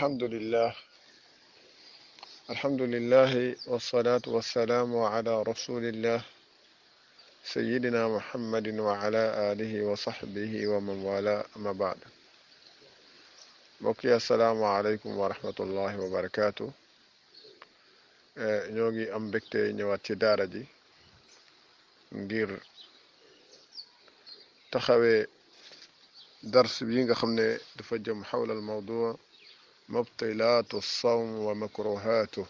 الحمد لله الحمد لله والصلاة والسلام على رسول الله سيدنا محمد وعلى آله وصحبه ومن والاه أما بعد بقي السلام عليكم ورحمة الله وبركاته نيوغي أم بكتي نواتي دارجي ngir taxawé درس بيغا خمنه دفا حول الموضوع mubtilaatu sawm wa makruhaatu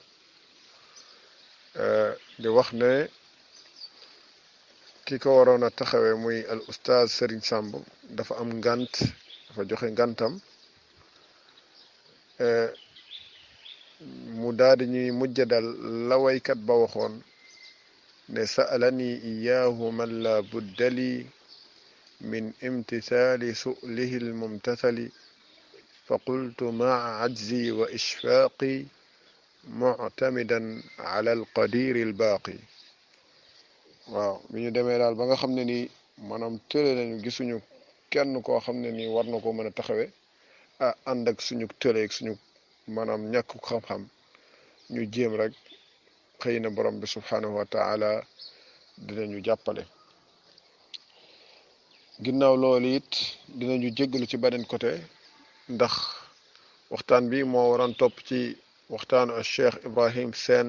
di wax ne ki ko waroon a taxawee muy al ustaaz Serigne Samb dafa am ngant dafa joxe ngantam eh, mu daal di ñuy mujj dal la waykat ba waxoon ne sa'alani iyaahu man la buddali min imtithaali su'lihi al فقلت مع عجزي وإشفاقي muctamidan ala alqadiri albaaqi waaw bi ñu demee daal ba nga xam ne nii maanaam tële nañu gisuñu kenn koo xam ne nii war na ko mën a taxawe ah ànd ak suñu tële suñu maanaam ñàkk xam-xam ñu jéem rek xëy na borom bi subhaanahu wa taala dinañu jàppale ginnaaw loolu it dinañu jéggalu ci beneen côté ndax waxtaan bi moo waroon topp ci waxtaanu al cheikh ibrahim seen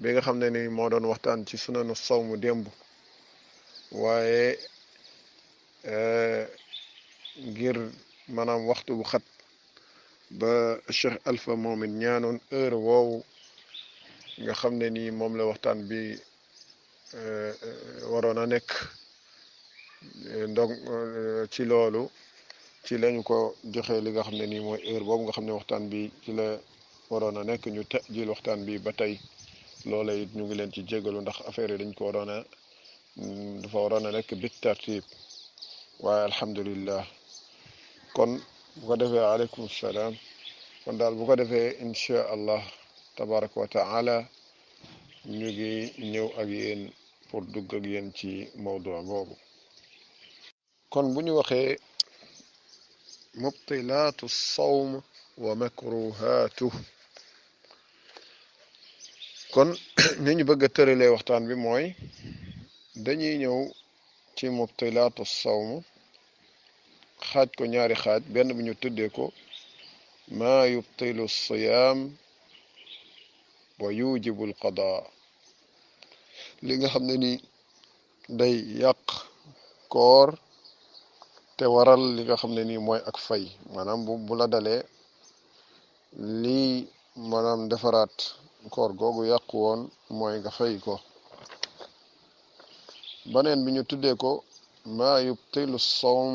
bi nga xam ne ni moo doon waxtaan ci sunanu sawmu démb waaye ngir maanaam waxtu bu xat ba cheikh alpha moom it ñaanoon heure woowu nga xam ne ni moom la waxtaan bi waroon a nekk ndog ci loolu ci lañu ko joxee li nga xam ne nii mooy heure boobu nga xam ne waxtaan bi ci la waroon a nekk ñu tëjil waxtaan bi ba tey loola it ñu ngi leen ci jégalu ndax affaire yi dañ ko waroon dafa waroon nekk bi tartib waaye alhamdulillah kon bu ko defee aleykum salaam kon daal bu ko defee incha allah tabaraka wa ñu ngi ñëw ak yéen pour dugg ak yéen ci mawdu boobu kon bu waxee مبطلات الصوم wa makruhatuh kon ni ñu bëgg a tëralee waxtaan bi mooy dañuy ñëw ci mubtilaatu sawm xaaj ko ñaari xaaj benn bi ñu tuddee ko maa yubtilu siyaam wa yujibu alqada li nga xam ne ni day yàq koor te waral li nga xam ne nii mooy ak fay maanaam bu bu la dalee lii maanaam defaraat koor googu yàqu woon mooy nga fay ko baneen bi ñu tuddee ko maa yubtilu sawm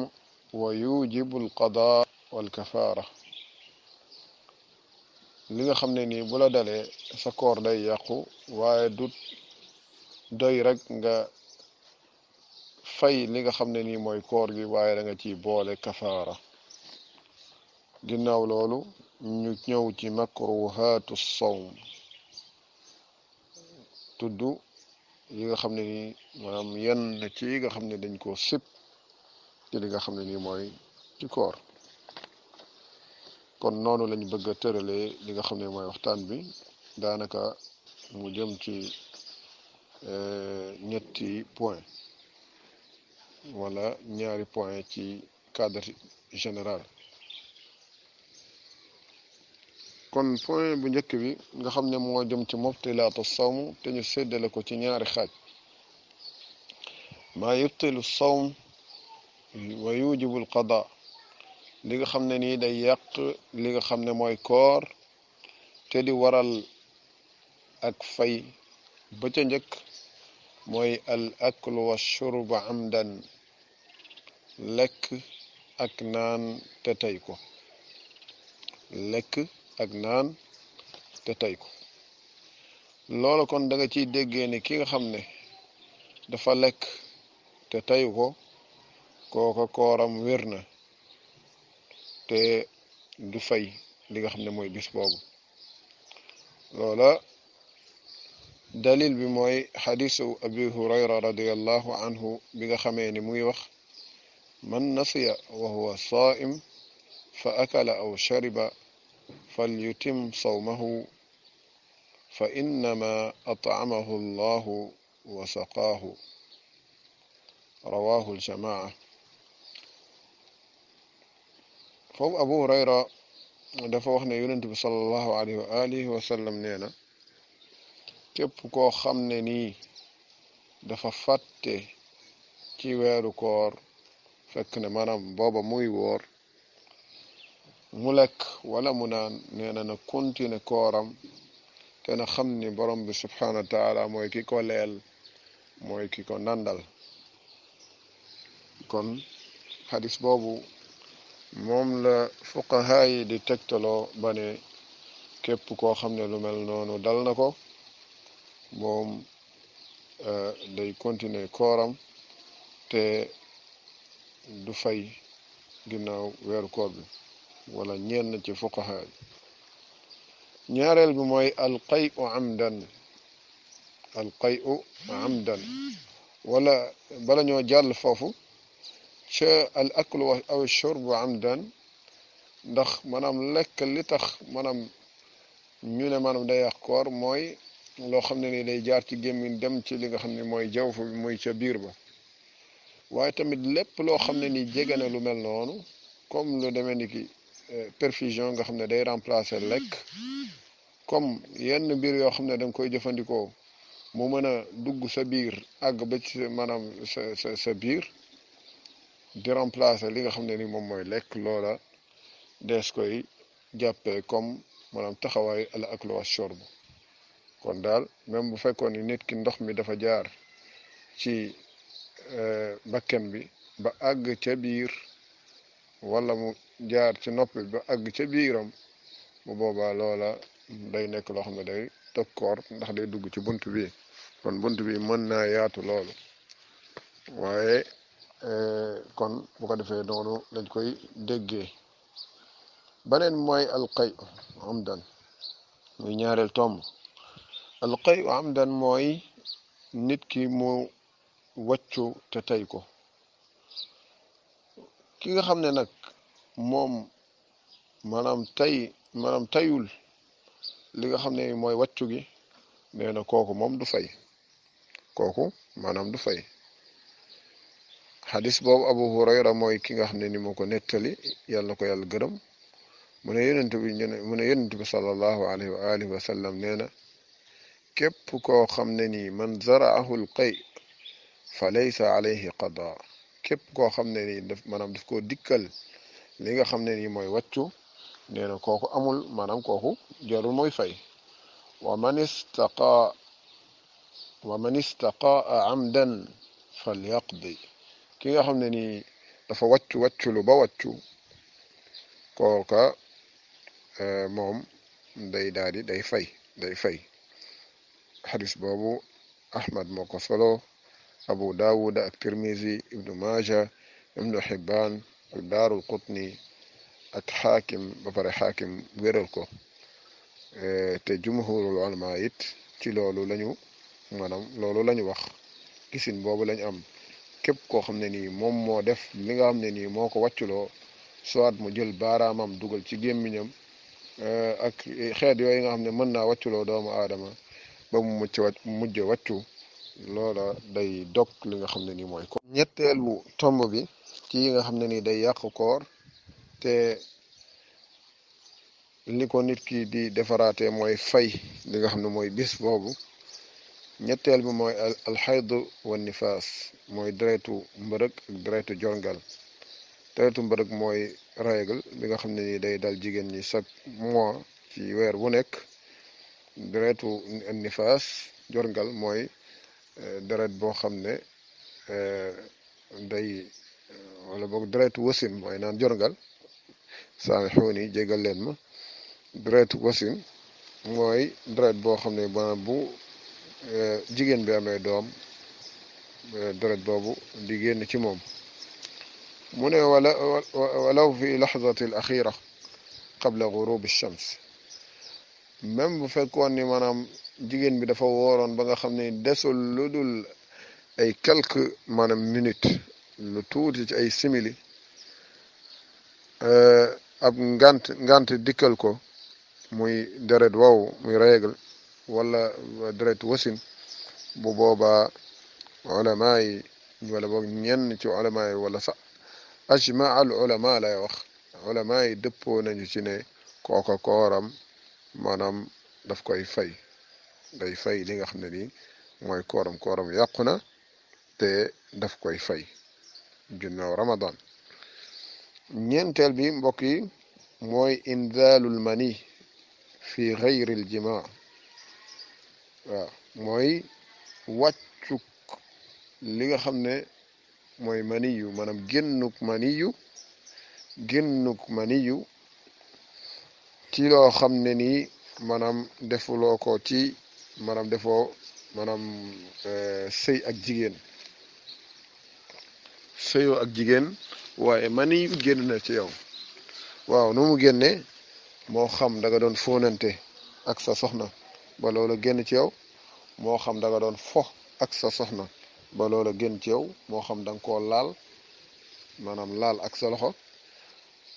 wa yujibu alqada walkafaara li nga xam ne nii bula dale sa koor day yàqu waaye du doy rek nga fay li nga xam ne nii mooy koor gi waaye danga ci boole kafaara ginnaaw loolu ñu ñëw ci makruhaatu soow tudd yi nga xam ne nii maanaam yenn ci yi nga xam ne dañ koo sip ci li nga xam ne nii mooy ci koor kon noonu lañ bëgg a tëralee li nga xam ne mooy waxtaan bi daanaka mu jëm ci eh, ñetti point wala ñaari point ci cadre général kon point bu njëkk bi nga xam ne moo jëm ci mubtilaatu sawm te ñu séddale ko ci ñaari xaaj ma yubtilu sawm wa yujibu alqada li nga xam ne nii day yàq li nga xam ne mooy koor te di waral ak fay ba ca njëkk mooy al aklu wa shurba amdan lekk ak naan te tey ko lekk ak naan te tey ko loola kon da ci ciy ni ki nga xam ne dafa lekk te teyu ko kooka koram wér na te du fay li nga xam ne mooy bis boobu loola dalil bi mooy xadisu abi hurayra radiallahu anhu bi nga xamee ni muy wax من نسي وهو صائم فأكل أو شرب فليتم صومه فإنما أطعمه الله وسقاه رواه الجماعة فو أبو هريرة دفوحنا يننتب صلى الله عليه وآله وسلم نينا كيف كو خمني دفا فاتي كي ويرو كور fekk ne manam booba muy woor mu lekk wala mu naan nee na na continuer kooram te na xam ni borom bi subhaanahu wa taala mooy ki ko leel mooy ki ko nandal kon xadis boobu moom la fuqaha yi di tegtaloo ba ne képp koo xam ne lu mel noonu dal na ko moom eh, day continuer kooram te du fay ginnaaw weeru koor bi wala ñenn ci fuqaha yi ñaareel bi mooy alqay u amdan alqay u amdan wala bala ñoo jàll foofu ca al aklu aw shurbu amdan ndax maanaam lekk li tax maanaam ñu ne maanaam day yàq koor mooy loo xam ne ni day jaar ci gémmiñ dem ci li nga xam ne mooy jaww bi muy ca biir ba waaye tamit lépp loo xam ne ni mm-hmm. jege na lu mel noonu comme lu demee ni ki euh, perfusion nga xam ne day remplacer mm-hmm. lekk comme yenn mbir yoo xam ne da koy jëfandikoo mu mën a dugg sa biir àgg ba ci maanaam sa sa sa biir di remplacer li nga xam ne ni moom mooy lekk loola des koy jàppee comme maanaam taxawaayu al aklu wa shorb kon daal même bu fekkoon ni nit ki ndox mi dafa jaar ci E, bakkembi ba agg caɓir walla mu jaar ci noppi ba agg caɓiram bu booba loola day nekk loo xam ne day tokkoor ndax day dugg ci bunt bi kon bunt bi mën naa yaatu loolu waaye e, kon bu ko defee noonu dañ koy déggee baneen mooy alqay amdan muy ñaareel tomb alqay amdan mooy nit ki mu wàccoo te tey ko ki nga xam ne nag moom maanaam tey maanaam tayul li nga xam ne mooy wàccu gi nee na kooku moom du fay kooku maanaam du fay xadis boobu abu hurayra mooy ki nga xam ne ni moo ko nettali yàlla na ko yàlla gërëm mu ne yonent bi mu ne yonent bi sallallahu alayhi wa alihi wa sallam nee na képp koo xam ne nii man zaraahu l qay fa laysa alayhi qada képp koo xam ne nii daf maanaam daf koo dikkal li nga xam ne nii mooy waccu nee na kooku amul maanaam kooku jarul mooy fay wa man istaqaa wa man istaqaa amdan falyaqdi ki nga xam ne ni dafa wàccu wàccu lu ba wàccu kooka e, moom day daal di day fay day fay xadis boobu ahmad ko solo abu dawud ak tirmizi ibnu maja ibnu xibban ak daarul qutni ak xaakim ba pare xaakim wéral ko e, te jumhurul ulama it ci loolu lañu maanaam loolu lañu wax gisin boobu lañu am képp koo xam ne nii moom moo def li nga xam ne nii moo ko wàcculoo soit mu jël baaraamam dugal ci gémmiñam e, ak xeet yooyu nga xam ne mën naa wàcculoo doomu aadama ba mu mucc wàcc mujj wàccu loola day dog li nga xam ne nii mooy ko ñetteelu tomb bi ci yi nga xam ne nii day yàq koor te ni ko nit ki di defaraate mooy fay li nga xam ne mooy bis boobu ñetteel bi mooy alxaydu wa nifaas mooy deretu mbërëg ak deretu jongal deretu mbërëg mooy règle bi nga xam ne nii day dal jigéen ñi chaque mois ci weer bu nekk deretu nifaas jongal mooy Euh, deret boo xam ne euh, day euh, wala boog deretu wasin mooy naan jorngal saamixuun yi jégal leen ma deretu wasin mooy deret boo xam ne maanaam bu jigéen bi amee doom deret boobu di génn ci moom mu ne wala walaw fi laxzati al axira qabla gurub shams même bu fekkoon ni maanaam jigéen bi dafa wooroon ba nga xam ne desul lu dul ay quelque maanaam minute lu tuuti ci ay simili euh, ab ngant ngant dikkal ko muy deret waw muy règle walla deret wasin bu boobaa ulama yi wala boog ñenn ci ulama yi wala sax ajma al ulama lay wax ulama yi dëppoo nañu ci ne kooka kooram maanaam daf koy fay day fay li nga xam ne nii mooy kooram kooram yàqu na te daf koy fay ginnaaw ramadan ñeenteel bi mbokk yi mooy inzaalul mani fi xayril jima waaw mooy wàccuk li nga xam ne mooy mani yu maniyu maanaam génnuk maniyu génnuk maniyu ci loo xam ne nii maanaam defuloo ko ci maanaam defoo maanaam euh, sëy ak jigéen sëyoo ak jigéen waaye mani génn na ci yow waaw nu mu génnee moo xam danga doon fóonante ak sa soxna ba loola génn ci yow moo xam da doon fo ak sa soxna ba loola génn ci yow moo xam danga nga koo laal maanaam laal ak sa loxo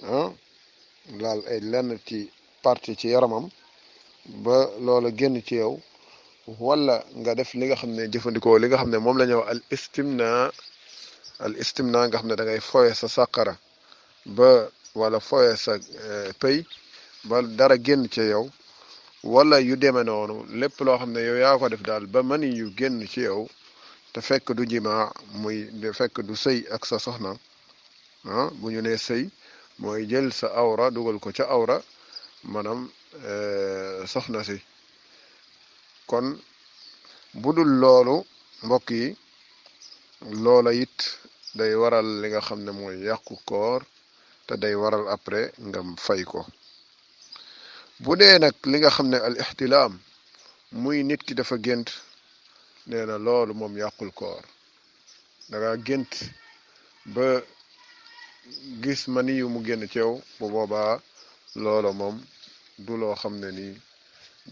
ah, laal ay lenn ci parti ci yaramam ba loola génn ci yow wala nga def li nga xam ne jëfandikoo li nga xam ne moom la ñuy al istimna al istimna nga xam ne da ngay foye sa sàqara ba walla foye sa eh, pëy ba dara génn ci yow wala yu demee noonu lépp loo xam ne yow yaa ko def daal ba mani yu génn ci yow te fekk du jimaa muy fekk du sëy ak sa soxna ah, bu ñu nee sëy mooy jël sa awra dugal ko ca awra maanaam eh, soxna si kon bu dul loolu mbokk yi loola it day waral li nga xam ne mooy yàqu koor te day waral après ngam fay ko bu dee nag li nga xam ne al ixtilaam muy nit ki dafa gént nee na loolu moom yàqul koor danga gént ba gis ma ni yu mu génn ceew bu boobaa loolo moom du loo xam ne nii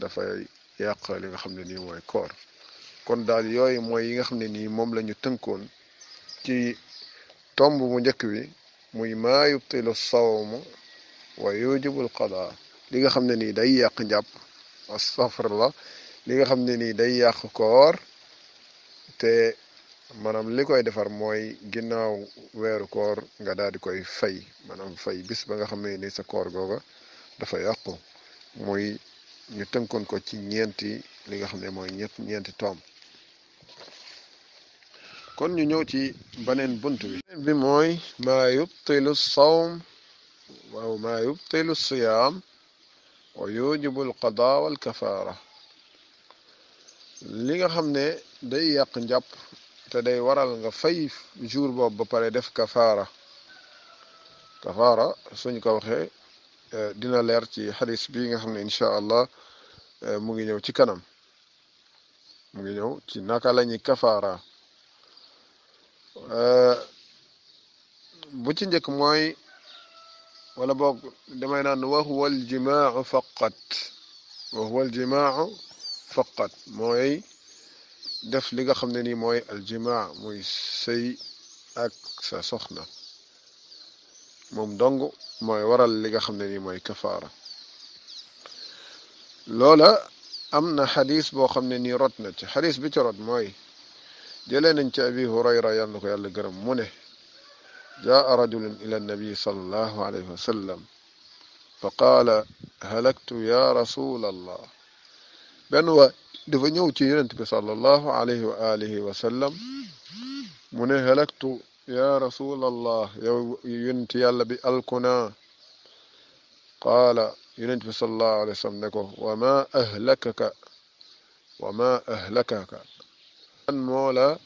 dafay yàq li nga xam ne nii mooy koor kon daal yooyu mooy yi nga xam ne nii moom lañu tënkoon ci tomb mu njëkk bi muy maa yubtilu sawm wa yujibul qada li nga xam ne nii day yàq njàpp astafar la li nga xam ne nii day yàq koor te maanaam li koy defar mooy ginnaaw weeru koor nga daal di koy fay maanaam fay bis ba nga xam ne nii sa koor googa dafa yàqu muy ñu tënkoon ko ci ñeenti li nga xam ne mooy ñett ñeenti toom kon ñu ñëw ci beneen bunt bi beneen bi mooy maa yubtilu sawm waaw maa yubtilu siyaam wa yujibu alqada walkafaara li nga xam ne day yàq njàpp te day waral nga fay jour boobu ba pare def kafaara kafaara suñ ko waxee Eh, dina leer ci xadis bi nga xam ne incha allah eh, mu ngi ñëw ci kanam mu ngi ñëw ci naka la ñuy kafara eh, bu ci njëkk mooy wala boog damay naan wa huwa aljimaau faqat wa huwa def li nga xam ne nii mooy aljimaa muy sëy ak sa soxna moom dong mooy wara li nga xam ne nii mooy kafaara loola am na xadis boo xam ne nii rot na ci xadis bi ci rot mooy jëlee nañ ci abi hurayra yal na ko yàlla gërëm mu ne jaa rajulun ila annabi sallallahu alayhi wa sallam fa qaala halaktu ya rasul allah benn waay dafa ñëw ci yonent bi sallallahu alayhi wa alihi wa sallam يا رسول الله يا يونت يالا بي الكنا قال يونت صلى الله عليه وسلم وما اهلكك وما اهلكك لن مولا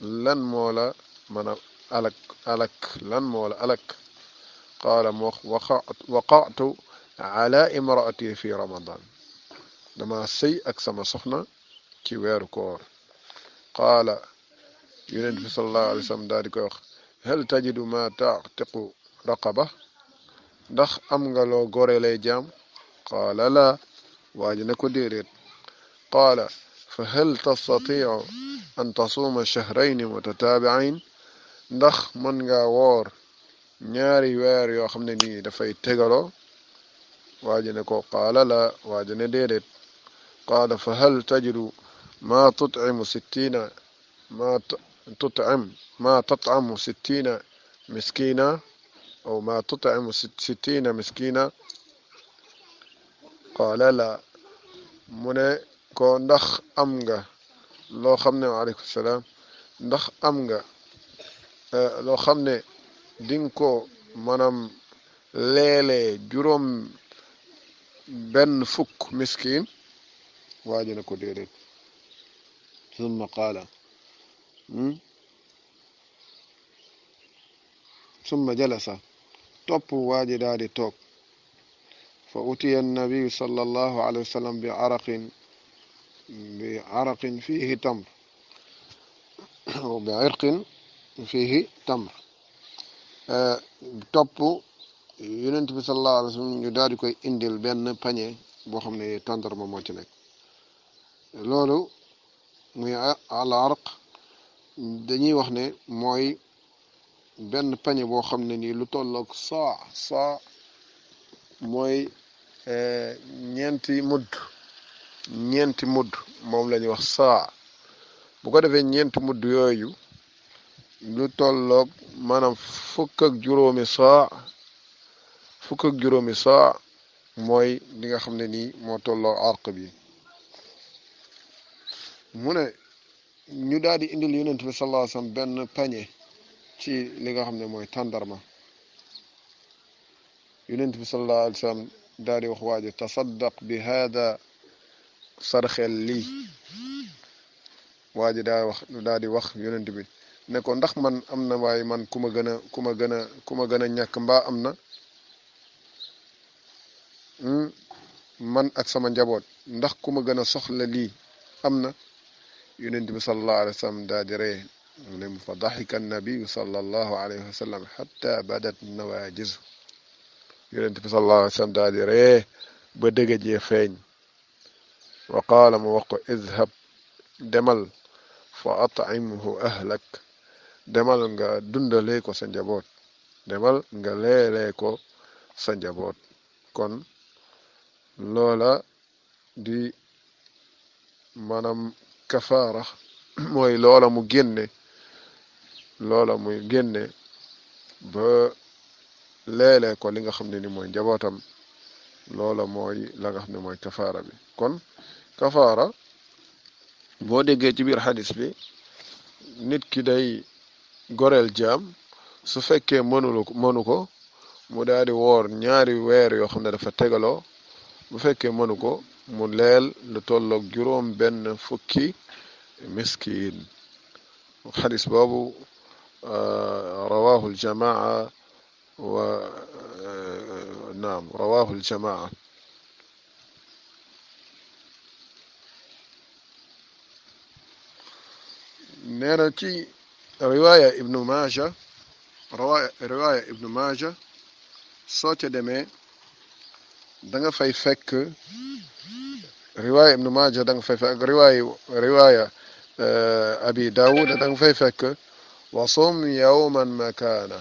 لن مولا من الك الك لن مولا الك قال وقعت على امراتي في رمضان لما سي اك سما سخنا كي وير كور قال yonent bi sallallahu alayhi wa sallam daal di koy wax hal tajidu ma taatiqu raqaba ndax am nga loo gore lay jaam qaala laa waa ji ne ko déedéet qaala fa hal tastatiu an tasuuma shahrayni mutataabiayn ndax mën nga woor ñaari weer yoo xam ne nii dafay tegaloo waa ji ne ko qaala la waa ji ne déedéet qaala fa hal tajidu ma tutcimu sittiina ma تطعم ما تطعم ستين مسكينة أو ما تطعم ستين مسكينة قال لا من كون دخ أمغا لو خمنا عليك السلام دخ أمغا أه، لو خمنا دينكو منام ليلي جروم بن فك مسكين واجنا كديرين ثم قال ثم جلس توب واجد دادي توب فأتي النبي صلى الله عليه وسلم بعرق بعرق فيه تمر وبعرق فيه تمر آه، توب ينتبه صلى الله عليه وسلم يدارك اندل بين بني بوخمني تندر موتنك لولو مي على عرق dañuy wax ne mooy benn pañe boo xam ne nii lu tollook saa saa mooy eh, ñeenti mudd ñeenti mudd moom la wax saa bu ko defee ñeenti mudd yooyu lu tollook maanaam fukk ak juróomi saa fukk juróomi saa mooy li nga xam ne nii moo tolloo arq bi mu ne ñu daal di indil yonent bi sallallahu alayhi wasallam benn pañe ci li nga xam ne mooy tàndarma yonent bi sallallahu alayhi wasallam daal di wax waaji tasaddaq bi hada sarxel lii waaji daal wax daal di wax yonent bi ne ko ndax man am na waaye man ku ma gën a ku ma gën a ku ma gën a ñàkk mbaa am na hmm? man ak sama njaboot ndax ku ma gën a soxla lii am na yonent bi sallallahu alayhi wa sallam daal di fa daxika nabiyu sallallahu alayhi wa sallam ba dëgg jee feeñ mu wax ko izhab demal fa atimhu ahlak demal nga dundalee ko sa njaboot demal nga leelee ko sa njaboot kon loola di maanaam kafara mooy loola mu génne loola mu génne ba leelee ko li nga xam ne ni mooy njabootam loola mooy la nga xam ne mooy kafara bi kon kafara boo déggee ci biir xadis bi nit ki day goreel jaam su fekkee mënulu mënu ko mu daal di woor ñaari weer yoo xam ne dafa tegaloo bu fekkee mënu ko mu leel lu tolloog juróom benn fukki miskiin xadis boobu rawaahu ljamaa wa naam rawaahu ljamaa nee na ci riwaaya ibnu maaja riwaaya ibnu maaja soo ca demee da nga fay fekk riwaaya ibnu maaja da nga fay fekk riwaaya riwaaya eh, abi daawud da fay fekk wa sum yawman makaana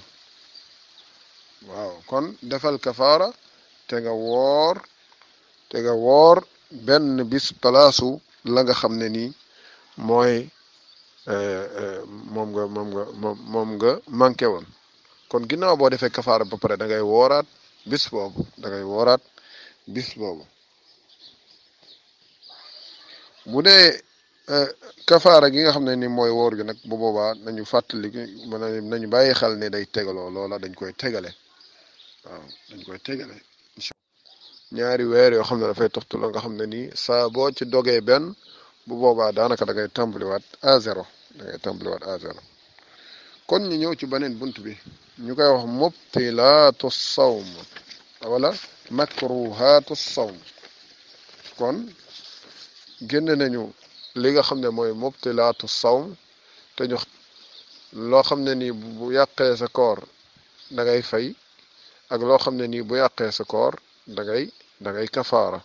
waaw kon defal kafaara te nga woor te nga woor benn bis palaasu la xam ne nii mooy eh, eh, moom nga moom nga moom nga manqué woon kon ginnaaw boo defee kafaara ba pare da ngay wooraat bis boobu da ngay wooraat bis boobu mu dee eh, kafaara gi nga xam ne ni mooy woor gi nag bu boobaa nañu fàttali mën nañu bàyyi xel ne day tegaloo loola dañ koy tegale dañ koy tegale ñaari weer yoo xam ne dafay toftu la nga xam ne nii saa boo ci dogee benn bu boobaa daanaka da ngay tàmbaliwaat à zéro da kon ñu ñëw ci beneen bunt bi ñu koy wax mubtilatu sawm wala makruhaatu sawm kon génn nañu li nga xam ne mooy mubtilaatu sawm te ñu loo xam ne nii bu yàqee sa koor da fay ak loo xam ne nii bu yàqee sa koor dangay dangay da kafaara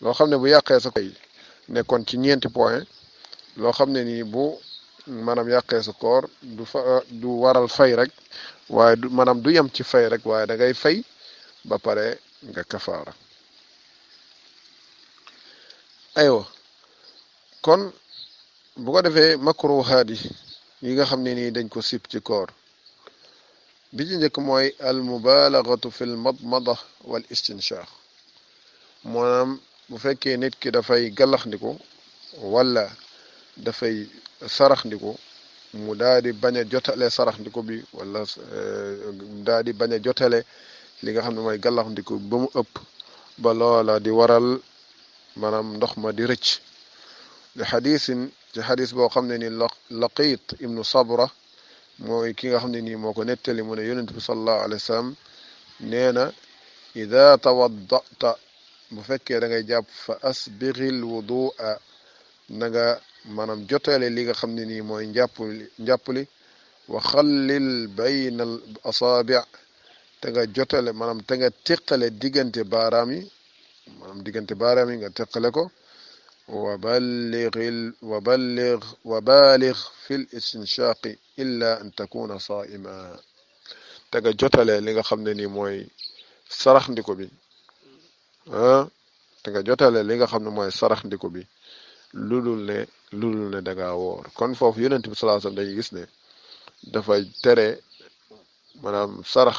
loo xam ne bu yàqee sa koor nekkoon ci ñeenti point loo xam ne nii bu maanaam yàqee sa koor du fa du waral fay rek waaye du maanaam du yem ci fay rek waaye da ngay fay ba pare nga kafaara aywa kon bu ko defee makruhaat yi yi nga xam ne nii dañ ko sib ci koor bi ci njëkk mooy al mubalagatu fi l madmada wal istinshaq maanaam bu fekkee nit ki dafay gàllaxndiku wala dafay saraxndiku mu daal di bañ a jotale saraxndiku bi wala eh, daal di bañ a jotale li nga xam ne mooy gàllaxndiku ba mu ëpp ba loola di waral maanaam ndox ma di rëcc li xadisin ci xadis boo xam ne ni laqit ibnu sabra mooy kii nga xam ne nii moo ko nettali mu ne yonent bi sallallahu alayhi wa sallam nee na ida tawaddata bu fekkee da ngay jàpp fa asbiril wudua na nga maanaam joteele li nga xam ne nii mooy njàpp li wa xallil bayna al te nga jotale maanaam te nga teqale barami baaraam yi maanaam diggante baaraam yi nga teqale ko wa balligil wa ballig wa baalig fi l istinshaqi illa an takuna saa'ima te nga jotale li nga xam ne nii mooy sarax ndiko bi ah te nga jotale li nga xam ne mooy sarax ndiko bi ludul kon foofu yonent sallallahu alayhi wasallam gis ne tere sarax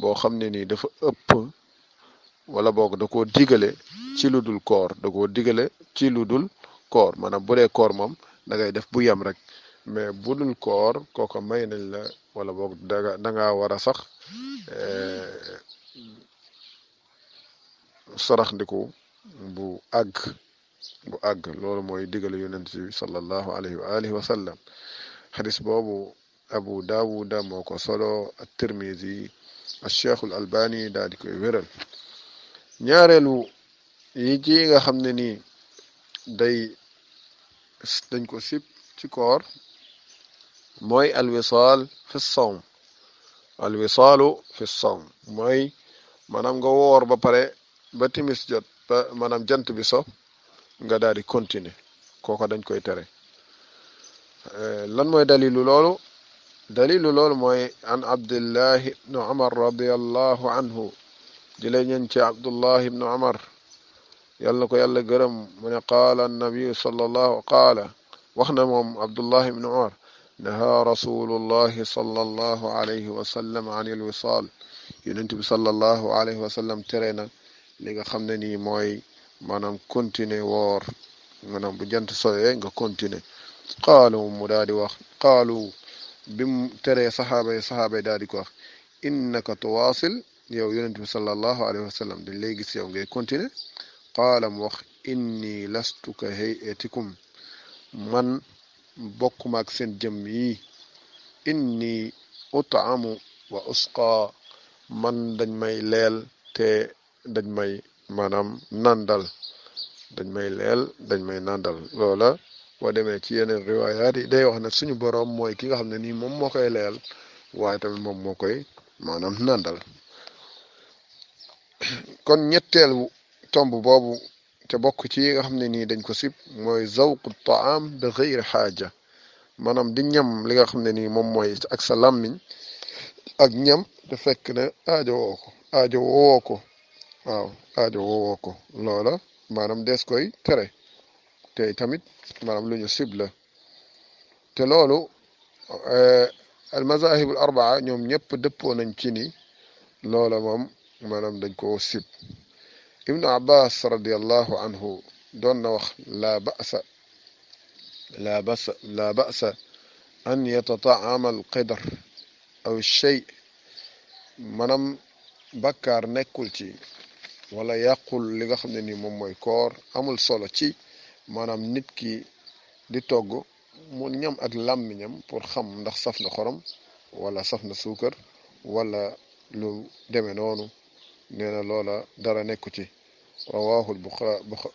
boo xam ne nii dafa ëpp wala boog da koo digale ci lu dul koor da koo digale ci lu dul koor maanaam bu dee koor moom da def bu yem rek mais bu dul koor kooka may nañ la wala boog danga da war a sax eh, sarax ndiku bu àgg bu àgg loolu mooy digale yonent bi sallallahu alayhi wa alihi wa sallam xadis boobu abu daawuda moo ko solo at tirmisi cheikhul albani daal di koy wéral ñaareelu yi ci nga xam ne nii day dañ ko sib ci koor mooy alwisaal fi sawm alwisaalu fi sawm mooy maanaam nga woor ba pare ba timis jot ba maanaam jant bi so nga daal di continuer kooko dañ koy tere eh, lan mooy dalilu loolu دليل لول موي عن عبد الله بن عمر رضي الله عنه دليل ننتي عبد الله بن عمر يلا كو يلا غرم من قال النبي صلى الله عليه وسلم قال واخنا موم عبد الله بن عمر نهى رسول الله صلى الله عليه وسلم عن الوصال ينتي صلى الله عليه وسلم ترينا ليغا خمنني موي مانام كونتيني وور مانام بو جنت سوي غا كونتيني قالوا مراد وقت قالوا bi mu teree saxaaba yi daal di ko wax innaka tuwaasil yow yonent bi sallallahu alayhi wa sallam dañ yow ngay continuer mu wax inni lastu ka hayatikum man bokkuma ak seen jëm yi inni utaamu wa usqa man dañ may leel te dañ may maanaam nandal dañ may leel dañ may nandal boo demee ci yeneen riwaayaat yi day wax na suñu boroom mooy ki nga xam ne nii moom moo koy leyal waaye tamit moom moo koy maanaam nandal kon ñetteelu tomb boobu te bokk ci yi nga xam ne nii dañ ko sib mooy zawqu taam bi xeyri xaaja maanaam di ñam li nga xam ne nii moom mooy ak sa làmmiñ ak ñam te fekk ne aajo woo ko aajo woo ko ko loola maanaam des koy tere te tamit maanaam lu ñu sib la te loolu al mazahib al arbaa ñoom ñëpp dëppoo nañ ci ni loola moom maanaam dañ koo sib ibnu abbas radiallahu anhu doon na wax laa ba'sa laa ba'sa laa ba'sa an yatataama al qidar aw shay maanaam bakkaar nekkul ci wala yàqul li nga xam ne ni moom mooy koor amul solo ci maanaam nit ki di togg mu ñam ak làmmiñam pour xam ndax saf na xorom walla saf na suukar walla lu deme noonu nee na loola dara nekku ci rawaahul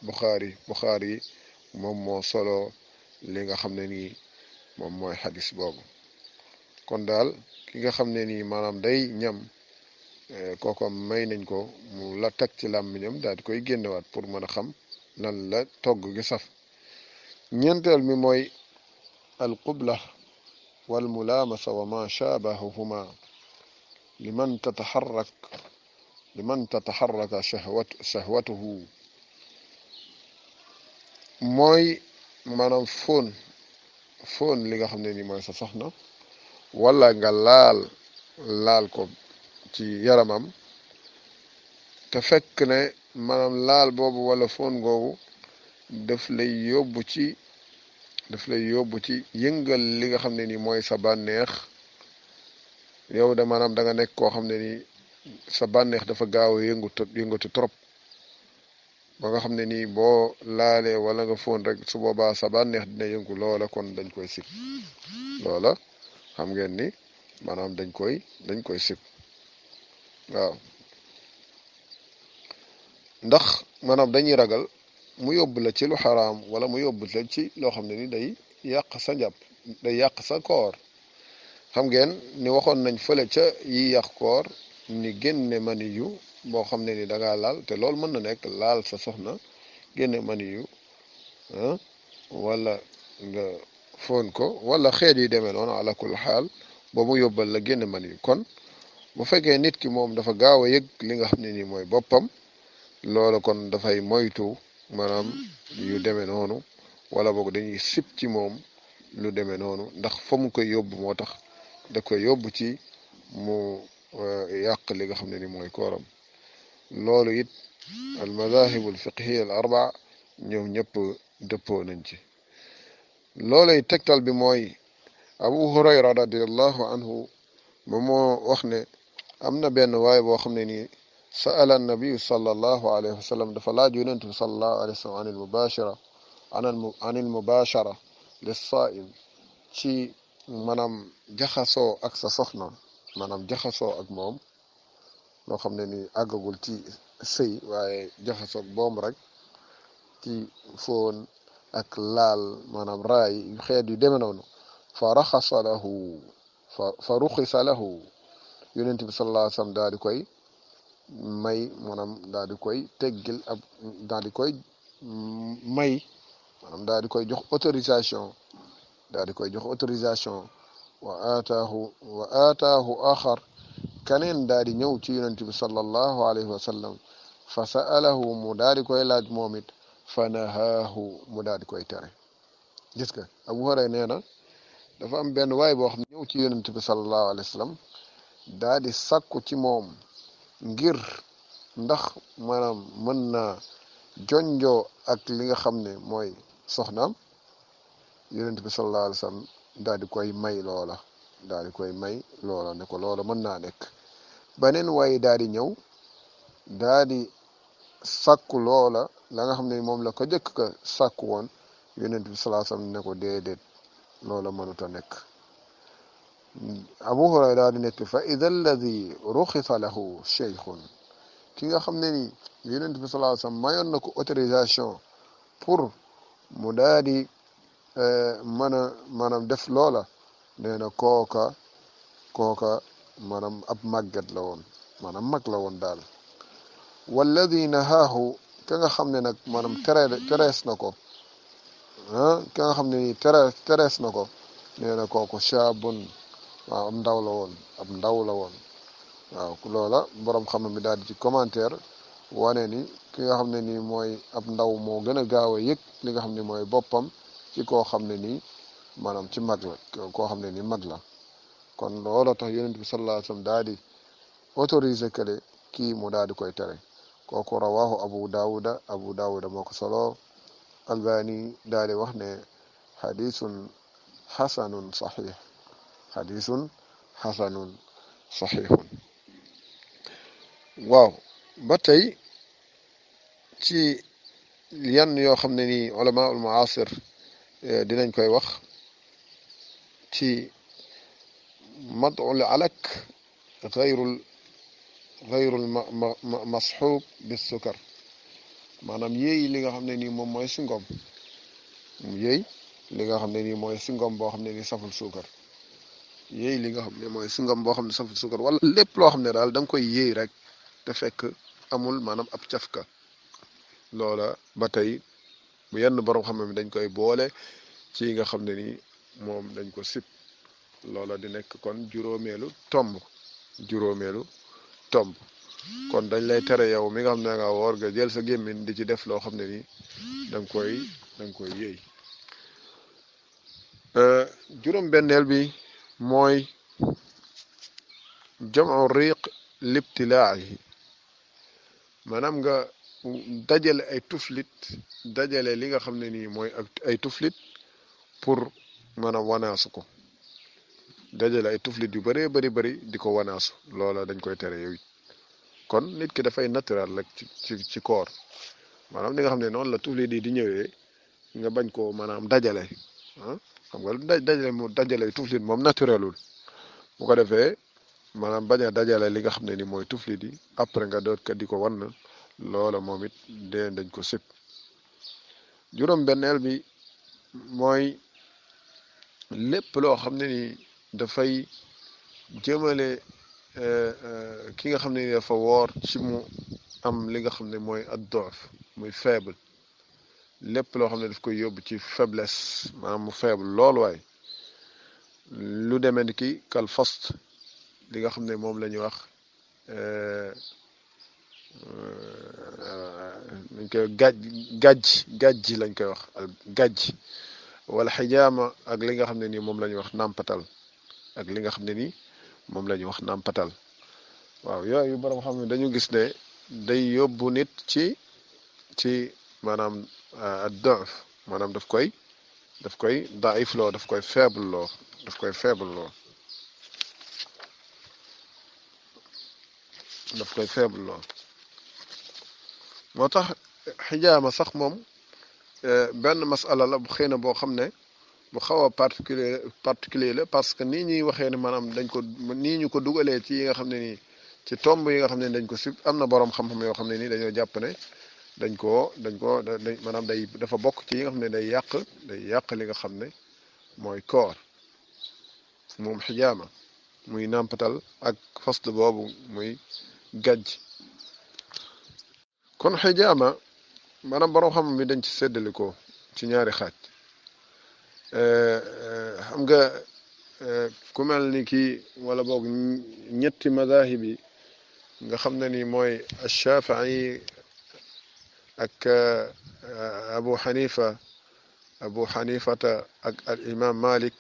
buxaari buxaari yi moom moo solo li nga xam ne nii moom mooy xadis boobu kon daal ki nga xam ne nii maanaam day ñam eh, kooko may nañ ko mu la tag ci làmmiñam daal di koy génnewaat pour mën a xam lan la togg gi saf ñeenteel mi mooy alqubla wal mulaamasa wa ma shaabahahuma liman tataxarrak liman tataxarraka shahwat shahwatuhu mooy maanaam fóon fóon li nga xam ne nii sa soxna wala nga laal ko ci yaramam te fekk ne maanaam laal boobu wala foon googu def lay yóbbu ci daf lay yóbbu ci yëngal li nga xam ne ni mooy sa bànneex yow de manam danga nekk koo xam ne ni sa bànneex dafa gaaw a yëngatu trop ba nga xam ne ni boo laalee wala nga foon rek su boobaa sa bànneex dina yëngu loola kon dañ koy sip loola xam ngeen ni maanaam dañ koy dañ koy sib waaw ndax maanaam dañuy ragal mu yóbbu la ci lu xaraam wala mu yóbbu la ci loo xam ne ni day yàq sa njàpp day yàq sa koor xam ngeen ni waxoon nañ fële ca yi yàq koor ni génne mani yu boo xam ne ni da lal te loolu mën na nekk laal sa soxna génne mani yu ah, wala nga foon ko wala xeet yi demee noonu ala kul xaal ba mu yóbbal la génne mani yu kon bu fekkee nit ki moom dafa gaaw a yëg li nga xam ne nii mooy boppam loola kon dafay moytu maanaam yu demee noonu wala boog dañuy sib ci moom lu demee noonu ndax fa koy yóbbu moo tax da koy yóbbu ci mu euh, yàq li nga xam ne ni mooy kooram loolu it al madahibul fiqhiya al arbaa ñoom ñëpp dëppoo nañ ci loolay tegtal bi mooy abu hurayra radiallahu anhu moom moo wax ne am na benn waaye boo xam ne nii sa'ala annabiyu sallallahu alayhi wa sallam dafa laaj yonent bi sallallahu alayhi wa sallam anil mubashara anil mubashara lissaim ci maanaam jaxasoo ak sa soxna maanaam jaxasoo ak moom loo xam ne ni àggagul ci sëy waaye jaxasoo ak boom rek ci foon ak laal maanaam raay yu xeet yu deme noonu fa raxasa lahu fa ruxisa lahu yonent bi sallallahu alayhi wa sallam daal di koy may manam daal di koy teggil ab daal di koy may manam daal di koy jox autorisation daal di koy jox autorisation wa aataahu wa aataahu axar kaneen daal di ñëw ci yonent bi sallallahu alayhi wa sallam fa sa'alahu mu daal di koy laaj moom fa nahaahu mu daal di koy tere gis nga Abu Hurayra nee na dafa am benn waay boo xam ñëw ci yonent bi sallallahu alayhi wa sallam daal di sakku ci moom ngir ndax maanaam mën naa jonjoo ak li nga xam ne mooy soxnaam yonent bi sallallahu alayhi wa di koy may loola daal di koy may loola ne ko loola mën naa nekk beneen waaye daal di ñëw daal di sàkku loola la nga xam ne moom la ko jëkk ka sàkku woon yonent bi sallallahu alayhi wa sallam ne ko déedéet loola mënut a nekk abu hurayra di nett fa ida alladi ruxisa lahu cheikhun ki nga xam ne ni yonent bi salaa sallam mayoon na ko autorisation pour mu daa di eh, mën a maanaam def loola nee na kooka kooka maanaam ab màggat la woon maanaam mag la woon daal walladi nahaahu ka nga xam ne nag maanaam tere terees na ko ah ka nga xam ne nii tere terees na ko nee na kooku shaabun waaw am ndaw la woon ab ndaw la woon waaw loola borom xam-xam bi daal di ci commentaire wane ni ki nga xam ne nii mooy ab ndaw moo gën a gaaw a yëg li nga xam ne mooy boppam ci koo xam ne nii maanaam ci mag la koo xam ne nii mag la kon loola tax yonent bi sallallahu alayhi wasallam daal di autorisé kële kii mu daal di koy tere kooku rawahu abu daawuda abu daawuda moo ko solo albani daal di wax ne xadisun xasanun saxiix حديث حسن صحيح واو باتاي تي لين يو خمني علماء المعاصر آه، دي نكاي واخ تي مدعو العلك غير غير المصحوب بالسكر manam yeey li nga xamne ni mom moy singom yeey li nga xamne ni moy singom bo xamne ni yéey li nga xam ne mooy sungam boo xam ne saful sukar wala lépp loo xam ne daal da nga koy yéey rek te fekk amul maanaam ab cafka loola ba tey bu yenn borom xam ne dañ koy boole ci nga xam ne ni moom dañ ko sip loola di nekk kon juróomeelu tomb juróomeelu tomb kon dañ lay tere yow mi nga xam ne nga woor nga jël sa gémmiñ di ci def loo xam ne ni da koy da nga koy yéey euh, juróom benneel bi mooy jamu riiq libtilaahi maanaam nga dajale ay tuflit dajale li nga xam ne nii mooy ak ay tuflit pour mën wanaasu ko dajale ay tuflit yu bëree bari bari di ko wanaasu loola dañ koy tere yow kon nit ki dafay naturel rek ci ci ci koor maanaam li nga xam ne noonu la tuflit yi di ñëwee nga bañ koo maanaam dajale ah. xam nga daj dajale mu dajale tuflit moom naturelul bu ko defee maanaam bañ a dajale li nga xam ne ni mooy tuflit yi après nga doot ka di ko wan loola moom it dee dañ ko sib juróom-benneel bi mooy lépp loo xam ne ni dafay jëmale euh, euh, ki nga xam ne ni dafa woor ci mu am li nga xam ne mooy ad doof muy faible lépp loo xam ne daf koy yóbbu ci faiblesse maanaam mu faible loolu waay lu demee ni ki kal fast li nga xam ne moom la wax dañ koy gàjj gàjj gàjj lañ koy wax al gàjj wala xijaama ak li nga xam ne nii moom la wax nàmpatal ak li nga xam ne nii moom la wax nàmpatal waaw yooyu borom xam ne dañu gis ne day yóbbu nit ci ci maanaam ad-da'f maanaam daf koy daf koy daif loo daf koy faible loo daf koy faible loo daf koy faible loo moo tax xijaama sax moom benn masala la bu xëy na boo xam ne bu xaw a particulier particulier la parce que nii ñuy waxee ne maanaam dañ ko nii ñu ko dugalee ci yi nga xam ne nii ci tomb yi nga xam ne dañ ko sib am na boroom xam-xam yoo xam ne nii dañoo jàpp ne dañ koo dañ koo maanaam day dafa bokk ci yi nga xam ne day yàq day yàq li nga xam ne mooy koor moom xijaama muy nàmpatal ak fasl boobu muy gàjj kon xijaama maanaam borom xam bi dañ ci séddale ko ci ñaari xaaj xam nga ku mel ni kii wala boog ñetti madahib yi nga xam ne ni mooy ashafii ak eh, abu xanifa abu xanifata ak al imam malik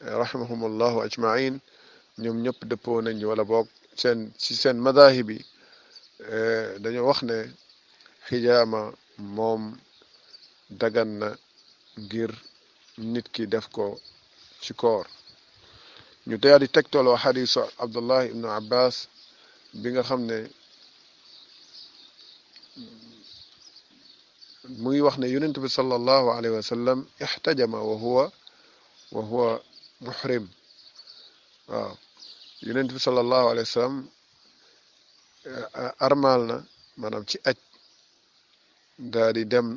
eh, rahimahumullahu ajmain ñoom ñëpp dëppoo nañ wala boog seen ci seen madahib yi eh, dañoo wax ne xijaama moom dagan na ngir nit ki def ko ci koor ñu daal di abdullah ibnu abbas bi nga xam ne mu ngi wax ne yonent bi sallallahu alayhi wa sallam ixtajama wa huwa wa huwa muhrim waaw yonent bi sallallahu alayhi wa eh, armaal na maanaam ci aj daa dem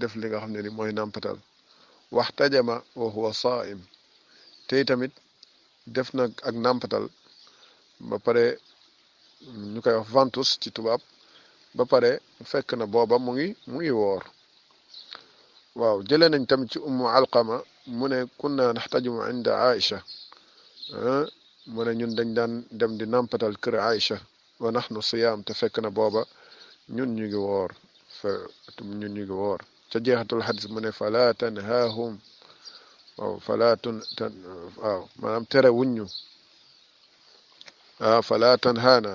def li nga xam ne ni mooy nàmpatal waxtajama wa huwa saaim te tamit def na ak nàmpatal ba pare ñu koy wax ventus ci tubaab ba pare fekk na booba mu ngi mu ngi woor waaw jëlee nañ tamit ci ummu alqama mu ne kunna naxtajimu inda aïcha ah, mu ne ñun dañ daan dem di nàmpatal kër aïcha wa nahnu siyaam te fekk na booba ñun ñu ngi woor fa ñun ñu ngi woor ca jeexatul xadis mu ne fala tanhaahum waaw fala tun tan waaw maanaam tere wuñ ñu waaw ah, fala tanhaana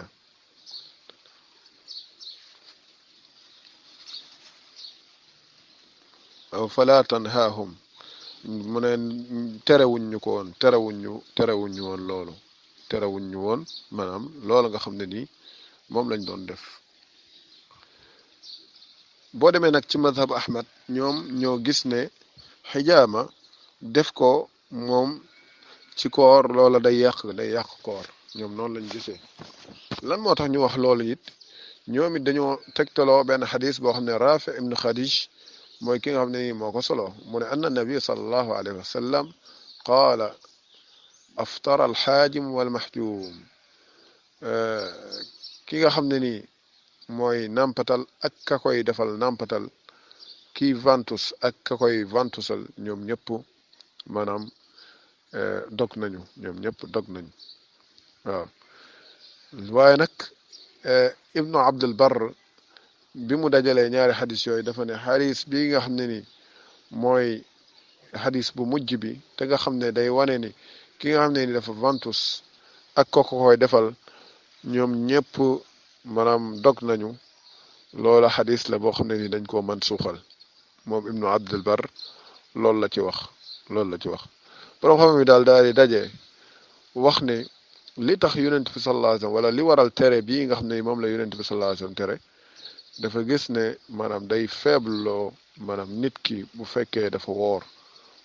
فلا تنهاهم من تراوني كون تراوني تراوني وان لولو تراوني وان منام لولو غا خمنا دي موم لاني دون دف بو ديمي نك سي مذهب احمد نيوم نيو غيس ني حجاما ديف كو موم سي كور لولو داي ياخ داي ياخ كور نيوم نون لاني غيسه لان موتاخ ني واخ لولو ييت نيومي دانيو تكتلو بن حديث بو خن رافع ابن خديج موي كيغا خامني موكو ان النبي صلى الله عليه وسلم قال افطر الحاجم والمحجوم ا آه، كيغا خامني ني موي نامباتال اك كاكوي ديفال نامباتال كي فانتوس اك كاكوي فانتوسال نيوم نيب مانام ا آه، دوك نانيو نيوم نيب دوك نانيو واه واي نك آه، ابن عبد البر bi mu dajalee ñaari xadis yooyu dafa ne xadis bii nga xam ne ni mooy xadis bu mujj bi te nga xam ne day wane ni ki nga xam ne ni dafa ventus ak kooku defal ñoom ñëpp maanaam dog nañu loola xadis la boo xam ne ni dañ koo man suuxal moom ibnu abdul bar loolu la ci wax loolu la ci wax borom xam mi daal daal di daje wax ne li tax yonent bi sallallahu alayhi wasallam wala li waral tere bii nga xam ne moom la yonent bi sallallahu alayhi wasallam tere dafa gis ne maanaam day faible loo maanaam nit ki bu fekkee dafa woor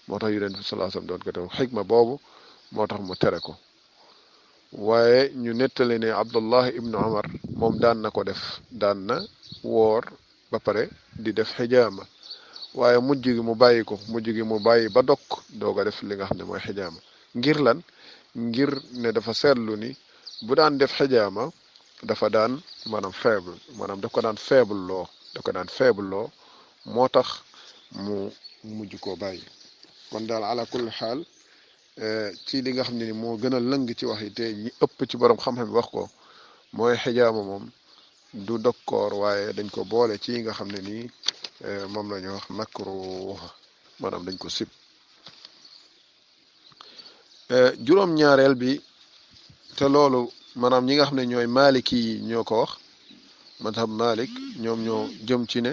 moo tax yonent bi sallallahu alayhi wasallam doon ko tam xikma boobu moo tax mu tere ko waaye ñu nettali ne Abdullah ibnu Umar moom daan na ko def daan na woor ba pare di def xijaama waaye mujj gi mu bàyyi ko mujj gi mu bàyyi ba dok doog a def li nga xam ne mooy xijaama ngir lan ngir ne dafa seetlu ni bu daan def xijaama dafa daan manam faible maanaam daf ko daan faible loo daf ko daan faible loo moo tax mu mujj koo bàyyi kon daal ala kulli xaal eh, ci li nga xam ne ni moo gën a lëng ci wax yi te ñi ëpp ci borom xam-xam wax ko mooy xijaama moom du dokkoor waaye dañ ko boole ci nga xam ne ni eh, moom la ñuy wax makruh maanaam dañ ko sib eh, juróom-ñaareel bi te loolu maanaam ñi nga xam ne ñooy maaliki yi ñoo ko wax matam malik ñoom ñoo jëm ci ne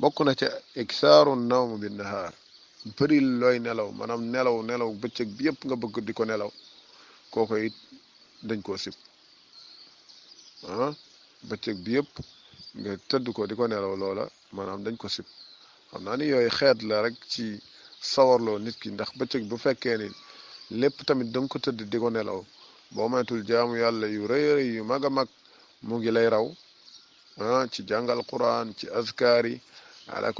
bokk na ci ca iksaaru nawm bi nahaar bëri looy nelaw maanaam nelaw nelaw bëccëg bi yëpp nga bëgg di ko nelaw kooko it dañ koo sib ah bëccëg bi yëpp nga tëdd ko di ko nelaw loola maanaam dañ ko sib xam naa ni yooyu xeet la rek ci sawarloo nit ki ndax bëccëg bu fekkee ni lépp tamit da ko tëdd di ko nelaw boo moytul jaamu yàlla yu rëy yu mag mag mu ngi lay raw ah, ci jàngal quran ci askari yi ala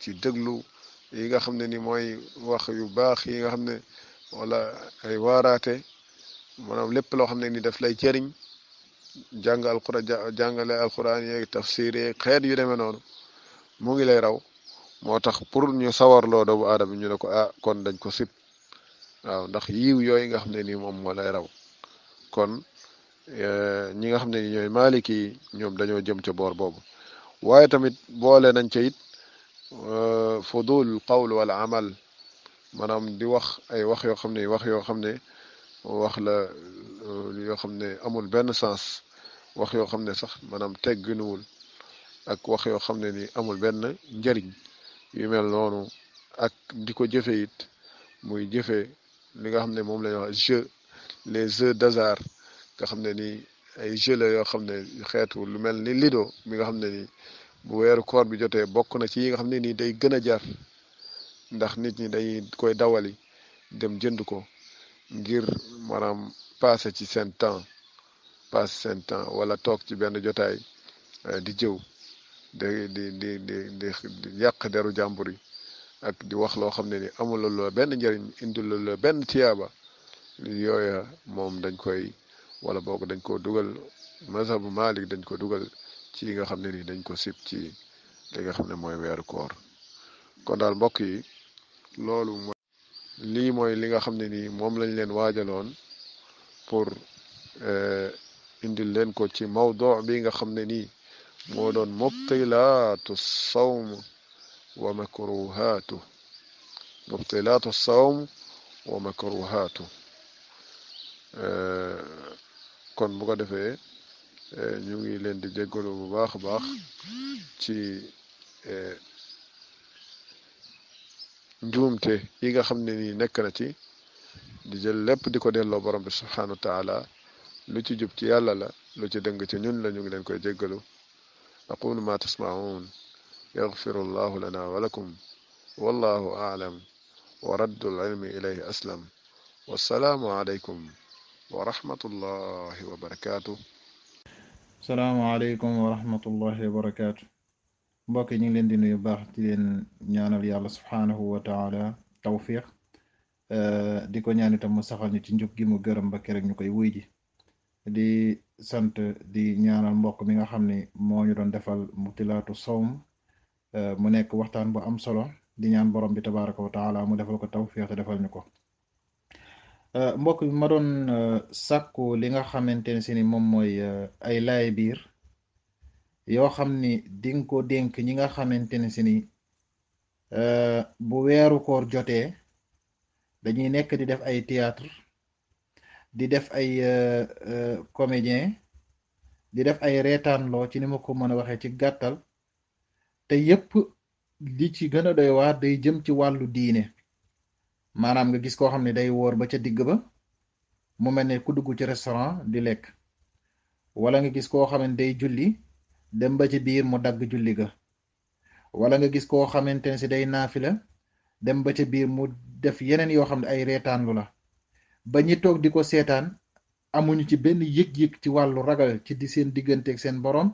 ci déglu yi nga xam ne ni mooy wax yu baax yi nga xam ne wala ay waaraate maanaam lépp loo xam ne ni def lay jëriñ jàng alquran jàngale alquran yeeg tafsir yeeg xeet yu deme noonu mu ngi lay raw moo tax pour ñu sawarloo doomu aadama ñu ne ko ah kon dañ ko sib waaw ndax yiw yooyu nga xam ne nii moom lay raw kon ñi nga xamne ñoy maliki ñom yi dañoo jëm ci bor bobu waye tamit boole nañ ci it fudul qawl wal amal manam di wax ay wax yo xamne wax yo xamne wax la yo xamne amul ben sens wax yo xamne sax manam tegginuul ak wax yo xamne ni amul ben njariñ yu mel nonu ak diko jëfe it muy jëfe li nga xamne mom lañ wax jeu les jeux d'hasard nga xam ne ni ay jeux la yoo xam ne xeetu lu mel ni lido mi nga xam ne ni bu weeru koor bi jotee bokk na ci yi nga xam ne nii day gën a jar ndax nit ñi dañuy koy dawali dem jënd ko ngir maanaam passé ci seen temps passé seen temps wala toog ci benn jotaay euh, di jëw di di di di yàq deru jàmbur yi ak di wax loo xam ne ni amul la benn njëriñ indil la benn tiyaaba yooya moom dañ koy wala boog dañ ko dugal mazhabu Malik dañ ko dugal ci li nga xam ne nii dañ ko sib ci li nga xam ne mooy weer koor kon daal mbokk yi loolu mooy lii mooy li nga xam ne nii moom lañ leen waajaloon pour eh, indil leen ko ci mawdu bi nga xam ne nii moo doon mubtilaatu sawm wa makruhaatu mubtilaatu sawm wa makruhaatu Euh, kon bu ko defee euh, ñu ngi leen di jéggalu bu baax a baax ci euh, njuumte yi nga xam ne nii nekk na ci di jël lépp di ko delloo borom bi subhanahu taala lu ci jub ci yàlla la lu ci dëng ci ñun la ñu ngi leen koy jéggalu aqulu ma tasmaun yaghfiru llahu lana wa lakum a'lam wa raddul ilmi aslam wassalaamu alaykum wa rahmatullahi wa barakaatu. salaamaaleykum wa rahmatullahi wa barakaatu. mbokk yi ñu ngi leen di nuyu baax di leen ñaanal yàlla subhaanahu wa taala tawfiq eh, di ko ñaan mu saxal ñu ci njub gi mu gërëm ba kerek ñu koy wuy ji di sant di ñaanal mbokk mi nga xam ne moo ñu doon defal mutilaatu sawm eh, mu nekk waxtaan bu am solo di ñaan borom bi tabaraka wa taala mu defal ko tawfiq te defal ñu ko Euh, mbokk mi ma doon euh, sàkku li nga xamante ne si ni moom mooy euh, ay laay biir yoo xam ni di ko dénk ñi nga xamante ne si ni bu weeru koor jotee dañuy nekk di def ay théâtre di def ay comédien di def ay reetaanloo ci ni ma ko mën a waxee ci gàttal te yépp di ci gën a doy waar day jëm ci wàllu diine maanaam nga gis koo xam ne day wóor ba ca digg ba mu mel ne ku dugg ci restaurant di lekk wala nga gis koo xam day julli dem ba ci biir mu dagg julli ga wala nga gis koo xamante ne si day naafila dem ba ca biir mu def yeneen yoo xam ne ay reetaanlu la ba ñi toog di ko seetaan amuñu ci benn yëg-yëg ci wàllu ragal ci di seen digganteeg seen boroom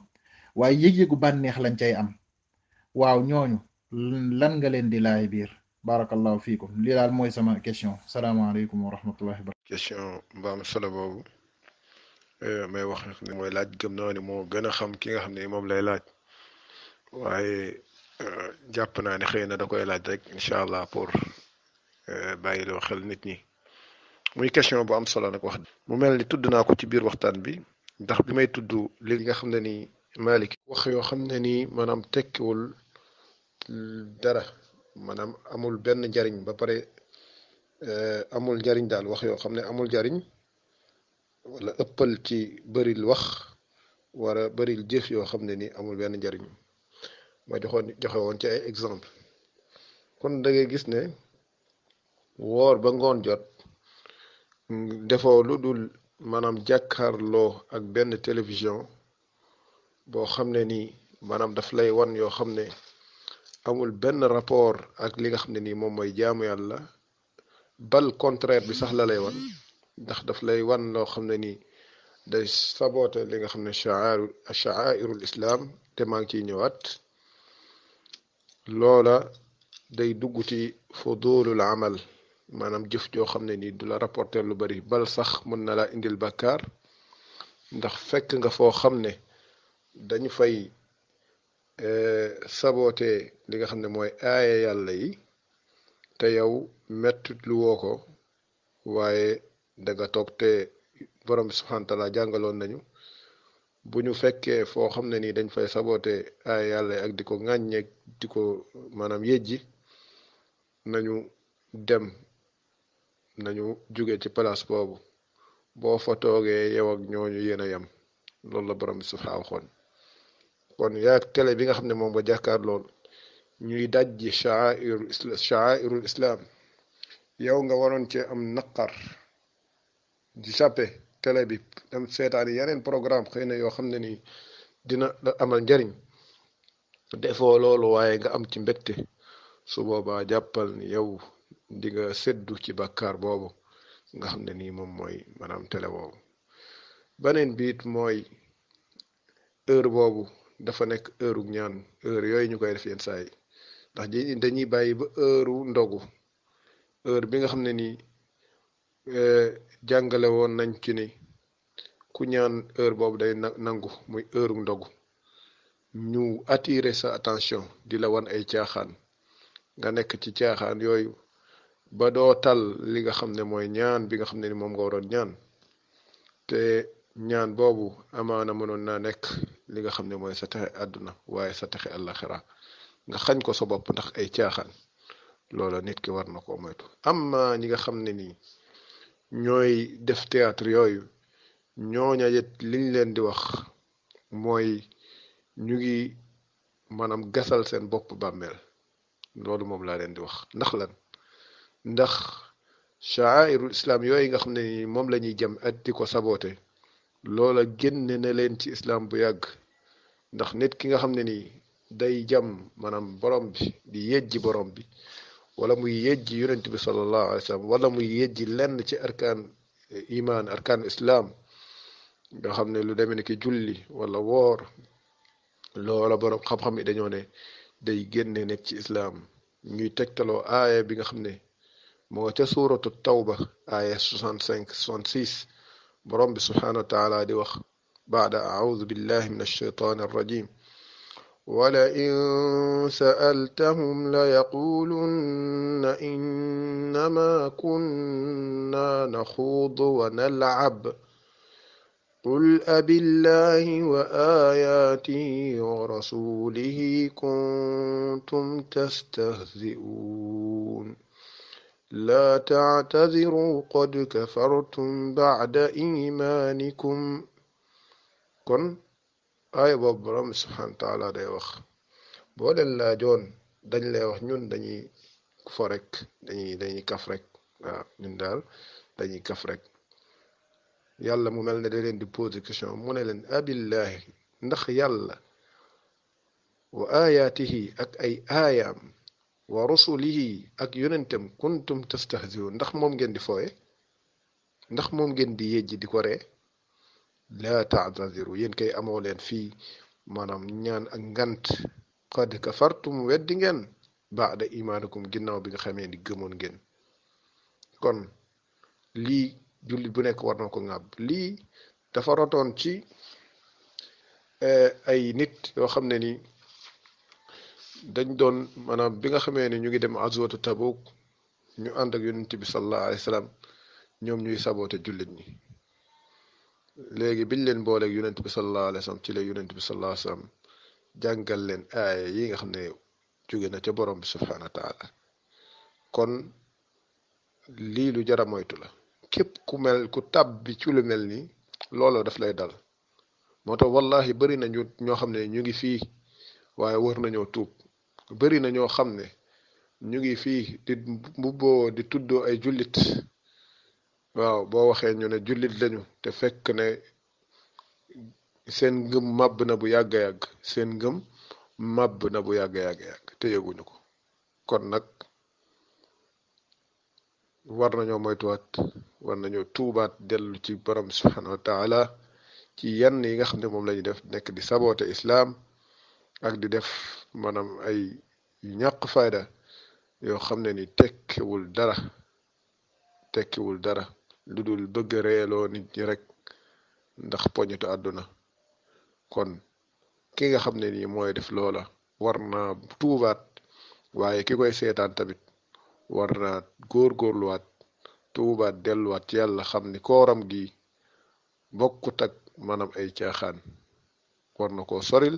waaye yëg-yëgu bànneex lañ cay am waaw ñooñu lan nga leen di laay biir بارك الله فيكم لي لا موي سما كيسيون السلام عليكم ورحمه الله وبركاته كيسيون با مسلا بوب ا إيه، ماي واخ نك موي لاج گم نا ني مو گنا خم كيغا خم ني موم لاي لاج واي جاب نا ني يعني خينا داكوي لاج رك ان شاء الله بور إيه، باي لو خل نيت ني موي كيسيون بو ام سولا نك واخ مو ملني تود ناكو تي بير وقتان بي داخ بي ماي تود ليغا خم ناني مالك واخ يو خم ناني مانام تكول دره manam amul ben jariñ ba pare euh amul jariñ dal wax yo xamné amul jariñ wala ëppal ci bëril wax wala bëril jëf yo xamné ni amul ben jariñ ma joxon joxe won ci ay exemple kon da ngay gis ne wor ba ngon jot defo lu manam maanaam jàkkaarloo ak ben télévision bo xamné ni manam maanaam daf lay won yo xamné amul benn rapport ak li nga xam ne nii moom mooy jaamu yàlla bal contraire bi sax la lay wan ndax daf lay wan loo xam ne nii day saboote li nga xam ne shaaru shaairul islam te maa ngi ciy ñëwaat loola day dugg ci fudulul amal maanaam jëf joo xam ne nii du la rapporter lu bari bal sax mën na la indil bàkkaar ndax fekk nga foo xam ne dañu fay E, sabote li nga xam ne mooy aaye yàlla yi te yow mettlu woo ko waaye da nga toog te borom bi subhanataala jàngaloon nañu bu ñu fekkee foo xam ne nii dañ fay sabote aaye yàlla yi ak di ko ŋàññe di ko maanaam yëjji nañu dem nañu jóge ci place boobu boo fa toogee yow ak ñooñu yéen a yam loolu la borom bi subhaa waxoon kon yaa télé bi nga xam ne moom nga jàkkaar lool ñuy dajji shaairul isla shaairul islaam yow nga waroon cee am naqar di sape télé bi dem seetaani yeneen programme xëy na yoo xam ne ni dina amal njariñ defoo loolu waaye nga am ci mbégte su boobaa jàppal ni yow di nga seddu ci bakar boobu nga xam ne nii moom mooy maanaam télé boobu beneen biit mooy heure boobu dafa nekk heure ñaan heure yooyu ñu koy def yenn saa yi ndax dañuy bàyyi ba heure ndogu heure bi nga xam ne nii eh, jàngale woon nañ ci ni ku ñaan heure boobu day nangu muy heure ndogu ñu attirer sa attention di la wan ay caaxaan nga nekk ci caaxaan yooyu ba doo tal li nga xam ne mooy ñaan bi nga xam ne ni moom nga waroon ñaan te ñaan boobu amaana mënoon naa nekk li nga xam ne mooy sa texe àdduna waaye sa texe àllaxira nga xañ ko sa bopp ndax ay caaxaan loola nit ki war na koo moytu amma ñi nga xam ne nii ñooy def théâtre yooyu ñooña it liñ leen di wax mooy ñu ngi maanaam gasal seen bopp bàmmeel loolu moom laa leen di wax ndax lan ndax sha'airul islam yooyu nga xam ne nii moom la ñuy jëm at di ko saboote loola génne na leen ci islaam bu yàgg ndax nit ki nga xam ne nii day jam maanaam borom bi di yejji borom bi walla muy yejji yonent bi sallallahu alayhi wa sallam wala muy yejji lenn ci arkaan imaan arkaan islaam nga xam ne lu demee ni ki julli wala woor loola borom xam-xam yi dañoo ne day génne nekk ci islaam ñuy tegtaloo aaya bi nga xam ne moo ca suuratu tawba aaya 65 66 برب سبحانه وتعالى دي وخ بعد أعوذ بالله من الشيطان الرجيم ولئن سألتهم ليقولن إنما كنا نخوض ونلعب قل أب الله وآياته ورسوله كنتم تستهزئون لا تعتذروا قد كفرتم بعد إيمانكم kon aaya boobu borom subhaanahu wa day wax boo leen laajoon dañ lay wax ñun dañuy fo rek dañuy dañuy kaf rek waaw ñun daal dañuy kaf rek yàlla mu mel ne da leen di poser question mu ne leen abillahi ndax yàlla wa ayaatihi ak ay aayaam wa rusulihi ak yonentam kuntum tastahziun ndax moom ngeen di fooye ndax moom ngeen di yejji di ko ree laa taataziru yéen kay amoo leen fii maanaam ñaan ak ngant qad kafartum weddi ngeen baada imaanakum ginnaaw bi nga xamee ni gëmoon ngeen kon lii julli bu nekk war na ko ŋàbb lii dafa rotoon ci eh, ay nit yoo xam ne nii dañ doon maanaam bi nga xamee ne ñu ngi dem azwatu Tabuk ñu ànd ak yonent bi sallallahu alayhi wa sallam ñoom ñuy saboote jullit ñi léegi biñ leen booleeg yonent bi sallallahu alayhi wa sallam ci la yonent bi sallallahu alayhi wa jàngal leen aaya yi nga xam ne jóge na ca boroom bi subhaana wa kon lii lu jara moytu la képp ku mel ku tàbbi ci lu mel nii looloo daf lay dal moo tax wallahi bari nañu ñoo xam ne ñu ngi fii waaye war nañoo tuub bari na ñoo xam ne ñu ngi fii di mbubboo di tuddoo ay jullit waaw boo waxee ñu ne jullit lañu te fekk ne seen ngëm màbb na bu yàgg-yàgg seen ngëm màbb na bu yàgg-yàgg-yàgg ko kon nag war nañoo moytuwaat war nañoo tuubaat dellu ci borom subhanahu wa ci yenn yi nga xam ne moom la def nekk di saboote islaam ak di def maanaam ay ñàq fayda yoo xam ne ni tekkiwul dara tekkiwul dara lu dul bëgg reeloo nit ñi rek ndax poñetu àdduna kon ki nga xam ne ni mooy def loola war naa tuubaat waaye ki koy seetaan tamit war naa góorgóorluwaat tuubaat delluwaat ci yàlla xam ni kooram gi bokkut ak maanaam ay caaxaan war na koo soril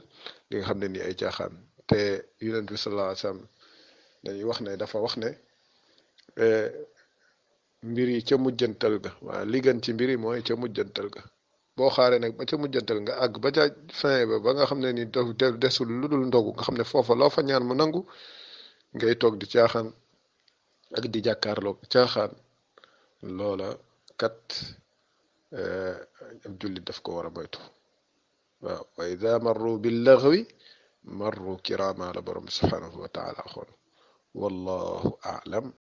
li nga xam ne ni ay caxaan te yonent bi sallallahu alayhi wa sallam dañuy dafa wax ne e, mbir yi ca mujjantal ga waaw ci mbir yi mooy ca mujjantal ga boo xaaree nag ba ca mujjantal nga àgg ba ca fin ba nga xam ne ni desul lu dul ndogu nga xam ne foofa loo fa ñaan mu nangu ngay toog di caaxaan ak di jàkkaarloog caaxaan loola kat e, ab jullit daf ko war a moytu waaw wa ida marru billaghwi مروا كرام على برم سبحانه وتعالى أخوان والله أعلم